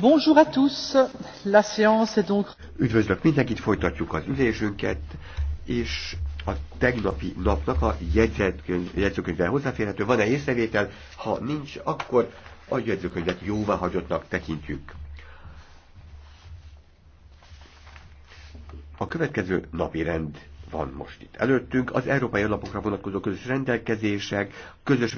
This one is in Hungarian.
Bonjour à tous. La séance est donc... Üdvözlök mindenkit, folytatjuk az ülésünket, és a tegnapi napnak a jegyzőkönyvvel hozzáférhető. Van-e észrevétel? Ha nincs, akkor a jegyzőkönyvet hagyottnak tekintjük. A következő napi rend van most itt előttünk. Az európai alapokra vonatkozó közös rendelkezések, közös